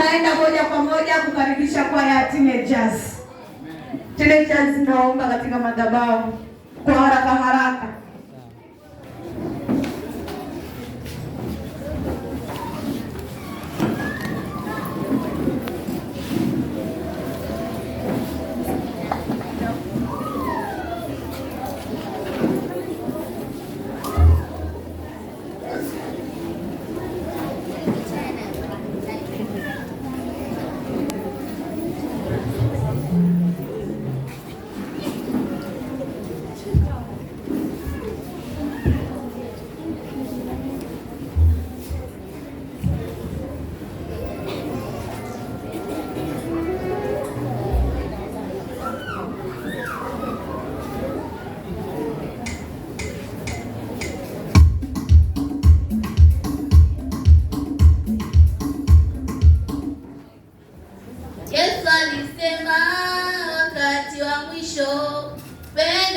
tunaenda moja kwa moja kukaribisha kwaya ya teenagers. Teenagers, naomba katika madhabahu kwa haraka haraka Show, bend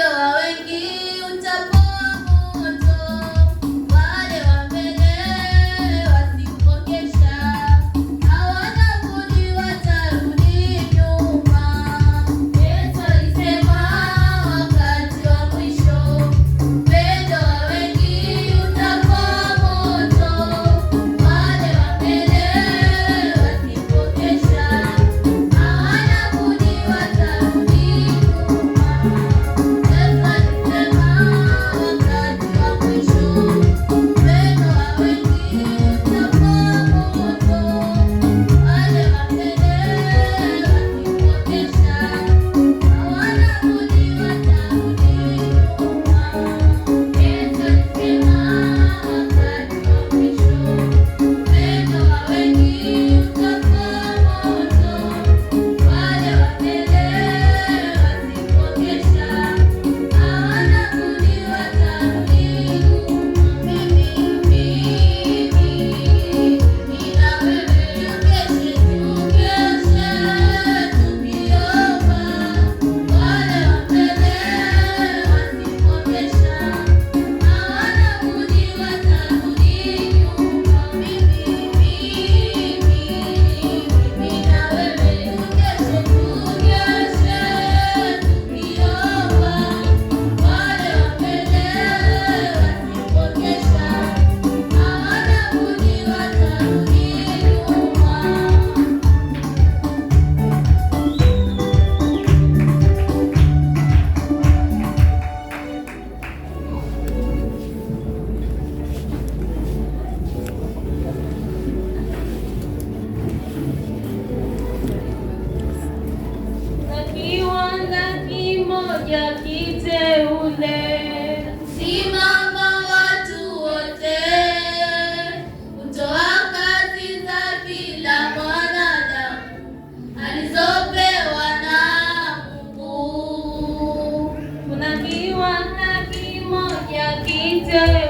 Yeah.